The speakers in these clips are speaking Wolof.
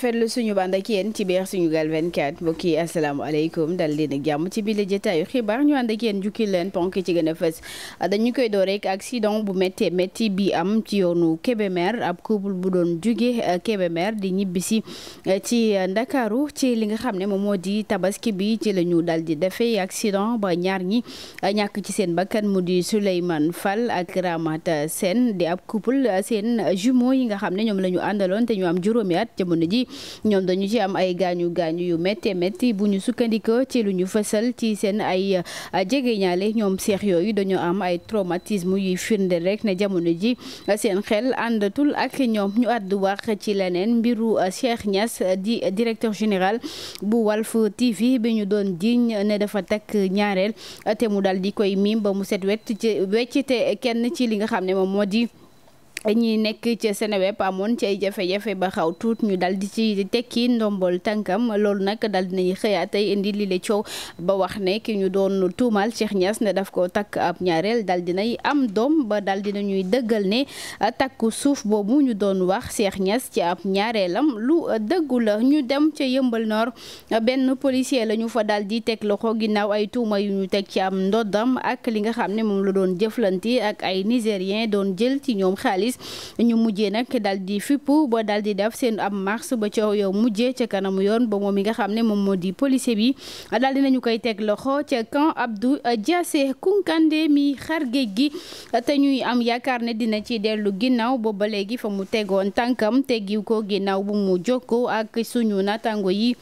fetlu suñu bànd ak yéen ci biir Sunugal 24 mbokk yi asalaamaaleykum alekum leen ak jàmm ci bile jotaayu xibaar ñu ànd ak yéen jukki leen ponk ci gën a dañu koy doo rek accident bu méttee métti bi am ci yoonu Kébémer ab couple bu doon jugee euh, Kébémer di ñibbisi euh, ci euh, Ndakaaru ci li nga xam ne moom moo di tabaski bi ci la ñu dal di defee accident ba ñaar ñi ñàkk ci seen bakkan mu di Souleymane Fall ak Ramata Sène di ab couple seen jumeau yi nga xam ne ñoom la ñu àndaloon te ñu am ñoom dañu ci am ay gaañu gaañu yu méttee métti bu ñu sukkandikoo ci lu ñu fësal ci seen ay jegeñaale ñoom seex yooyu dañoo am ay traumatisme yuy firnde rek ne jamono ji seen xel àndatul ak ñoom ñu àddu ci leneen mbiru euh, Cheikh ñas euh, di directeur général bu Walf TV bi ñu doon jiiñ ne dafa takk ñaareel te mu dal di koy miim ba mu set wet ci weccite kenn ci li nga xam ne moom moo di ñi nekk ci Seneweb amoon ci ay jafe-jafe ba xaw tuut ñu dal di ci tekki ndombool tànkam loolu nag dal dinañ xëyaat tey indi li le coow ba wax ne ki ñu doon tuumaal Cheikh Niass ne daf ko takk ab ñaareel dal dinay am doom ba dal dina ñuy dëggal ne takku suuf boobu ñu doon wax Cheikh Niass ci ab ñaareelam lu dëggu la ñu dem ca Yëmbal Nord benn policier la ñu fa dal di teg loxo ginnaaw ay tuuma yu ñu teg ci am ndoddam ak li nga xam ne moom la doon jëflanti ak ay nigérien doon jël ci ñoom police ñu mujjee nag daal di fippu ba daal di def seen ab mars ba coow yow mujje ca kanamu yoon ba moom mi nga xam ne moom moo di policier bi daal di nañu koy teg loxo ca camp Abdou Diassé Kunkande mi xar géej gi te ñuy am yaakaar ne dina ci dellu ginnaaw ba léegi fa mu tegoon tànkam gi ko ginnaaw bu mu jokkoo ak suñu natango yi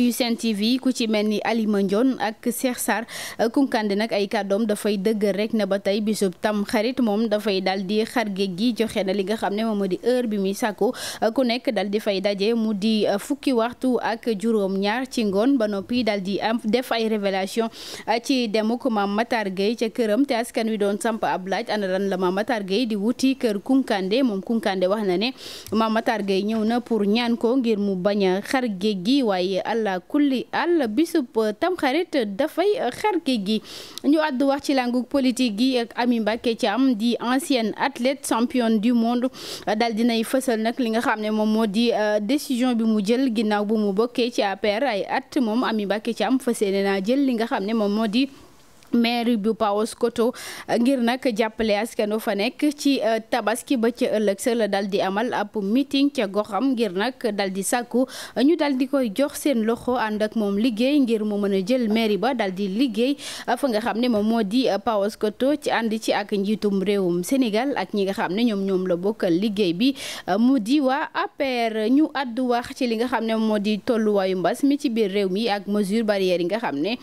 yu Sen TV ku ci mel ni Alima Ndione ak Cheikh Sarr Kunkande nag ay kàddoom dafay dëggal rek na ba tey bisub tam xarit moom dafay daal di xar géej gi joxe na li nga xam ne moom moo di heure bi muy sàkku ku nekk daal di fay daje mu di fukki waxtu ak juróom ci ngoon ba noppi daal di am def ay révélation ci dem demuk Mame Matar Gueye ca këram te askan wi doon samp ab laaj ana lan la Mame Matar Gueye di wuti kër Kunkande moom Kunkande wax na ne Mame Matar Gueye ñëw na pour ñaan ko ngir mu bañ xar géej gi waaye ala kulli àll bisub euh, tamxarit dafay euh, xar gi ñu àddu wax ci langu politique gi ak Amy Mbacké Thiam di ancienne athlète championne du monde dal dinay fësal nag li nga xam ne moom moo di euh, décision bi mu jël ginnaaw bi mu bokkee ci APR ay at moom ami Mbacké Thiam fësee ne naa jël li nga xam ne moom moo di maire bu Paos Koto ngir nag jàppale askanu fa nekk ci euh, tabaski ba ca ëllëg sa la dal di amal ab meeting ca goxam ngir nag dal di sàkku ñu dal di koy jox seen loxo ànd ak moom liggéey ngir mu mën a jël mairie ba dal di liggéey fa nga xam ne moom moo di euh, Paos Koto ci ànd ci ak njiitum réewum Sénégal ak ñi nga xam ne ñoom ñoom la bokkal liggéey bi euh, mu di waa APR ñu àddu wax ci li nga xam ne moo di tolluwaayu mbas mi ci biir réew mi ak mesure barrière yi nga xam ne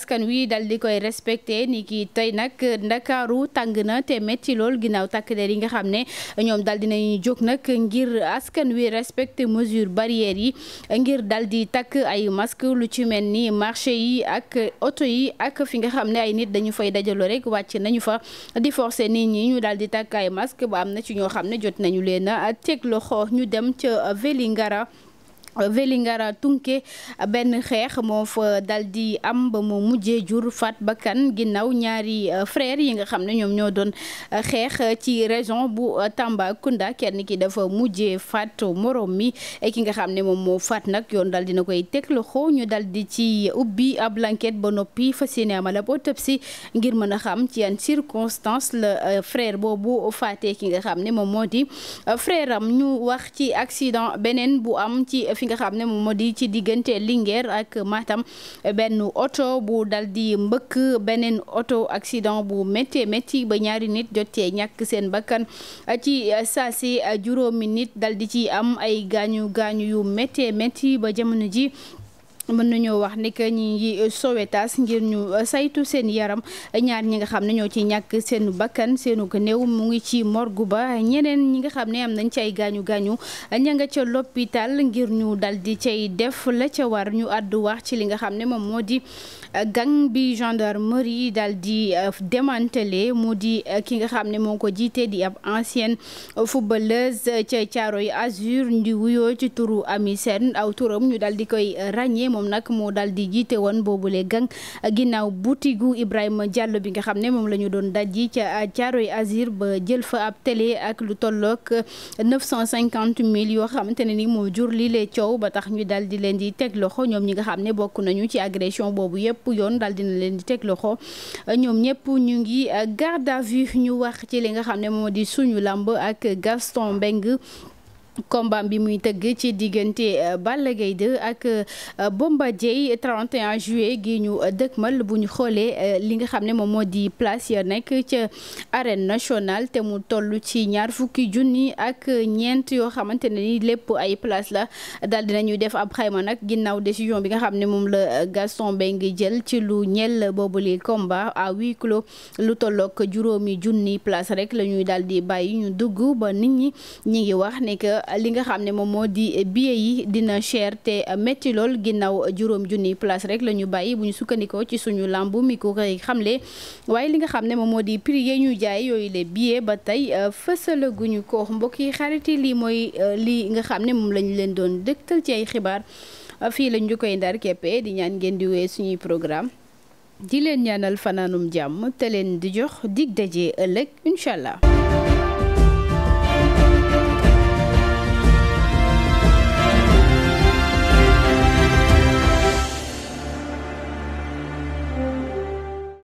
askan wi dal di koy respecté ni kii tey nag ndakaaru tàng na te métti lool ginnaaw takk der yi nga xam ne ñoom dal dinañu jóg nag ngir askan wi respecté mesure barrière yi ngir dal di takk ay masque lu ci mel ni marché yi ak oto yi ak fi nga xam ne ay nit dañu fay dajaloo rek wàcc nañu fa di forcer nit ñi ñu dal di takk ay masque ba am na ci ñoo xam ne jot nañu leen a teg loxo ñu dem ca ngara Vélingara Tunke benn xeex moo fa dal di am ba mu mujjee jur faat bakkan ginnaaw ñaari euh, frère yi nga xam ne ñoom ñoo doon euh, xeex ci région bu euh, Tambacounda kenn ki dafa mujjee faat moroom mi ki nga xam ne moom moo faat nag yoon dal dina koy teg loxo ñu dal di ci ubbi ab enquête ba noppi fa yéene amal ab autopsie ngir mën a xam ci yan circonstance la frère boobu faatee ki nga xam ne moom moo di frère ñu wax ci accident beneen bu am ci. fi nga xam ne moom moo di ci diggante Linguère ak Matam benn oto bu dal di mbëkk beneen oto accident bu métti metti ba ñaari nit jotee ñàkk seen bakkan ci saa si juróomi nit dal di ci am ay gaañu gaañu yu métti métti ba jamono ji. mën nañoo wax ni que ñi ngi euh, Sowétas ngir ñu euh, saytu seen yaram ñaar ñi nga xam ne ñoo ci ñàkk seen bakkan seenu ko néew mu ngi ci morgue ba ñeneen ñi nga xam ne am nañ ci ay gaañu gaañu ña nga ca l'hôpital ngir ñu dal di cay def la ca war ñu àddu wax ci li nga xam ne moom moo di euh, gang bi gendarmerie dal di démantelé mu di ki nga xam ne moo ko jiite di ab ancienne footballeuse ca Caaroy Azur ndi wuyoo ci turu Ami Sène aw turam ñu dal koy ràññee moom nag moo daal di jiite woon boobu boobule a ginnaaw butigu Ibrahima Diallo bi nga xam ne moom la ñu doon dajji ca yi Azir ba jël fa ab télé ak lu tollook 950 000 yoo xamante ne ni moo jur lii coow ba tax ñu daal di leen di teg loxo ñoom ñi nga xam ne bokk nañu ci agression boobu yëpp yoon daal dina leen di teg ñoom ñëpp ñu ngi garde à vue ñu wax ci li nga xam ne moo di suñu làmb ak Gaston Mbengue combat bi muy tëgg ci diggante euh, Balla Gaye 2 ak euh, Bombardier 31 juillet gi ñu dëkkmal bu ñu xoolee euh, li nga xam ne moom moo di place ya nekk ca arène nationale te mu toll ci ñaar fukki junni ak ñeent yoo xamante ne ni lépp ay place la daal dinañuy def ab xayma nag ginnaaw décision bi nga xam ne moom la bay ngi jël ci lu ñel boobu li combat à huis clos lu tollook juróomi junni place rek la ñuy daal di bàyyi ñu dugg ba nit ñi ñi ngi wax ne li nga xam ne moom moo di bie yi dina cher te métti lool ginnaaw juróom junni place rek la ñu bàyyi bu ñu sukkandikoo ci suñu làmb mi ko koy xamle waaye li nga xam ne moom moo di prix yi ñu jaay yooyu les billets ba tey euh, fësalaguñu ko mbokk yi xarit lii mooy euh, lii nga xam ne moom lañu leen doon dëgtal ci ay xibaar euh, fii lañu koy ndar keppe di ñaan ngeen di wéy suñuy programme di leen ñaanal fanaanum jàmm te leen di jox dig daje ëllëg incha allah.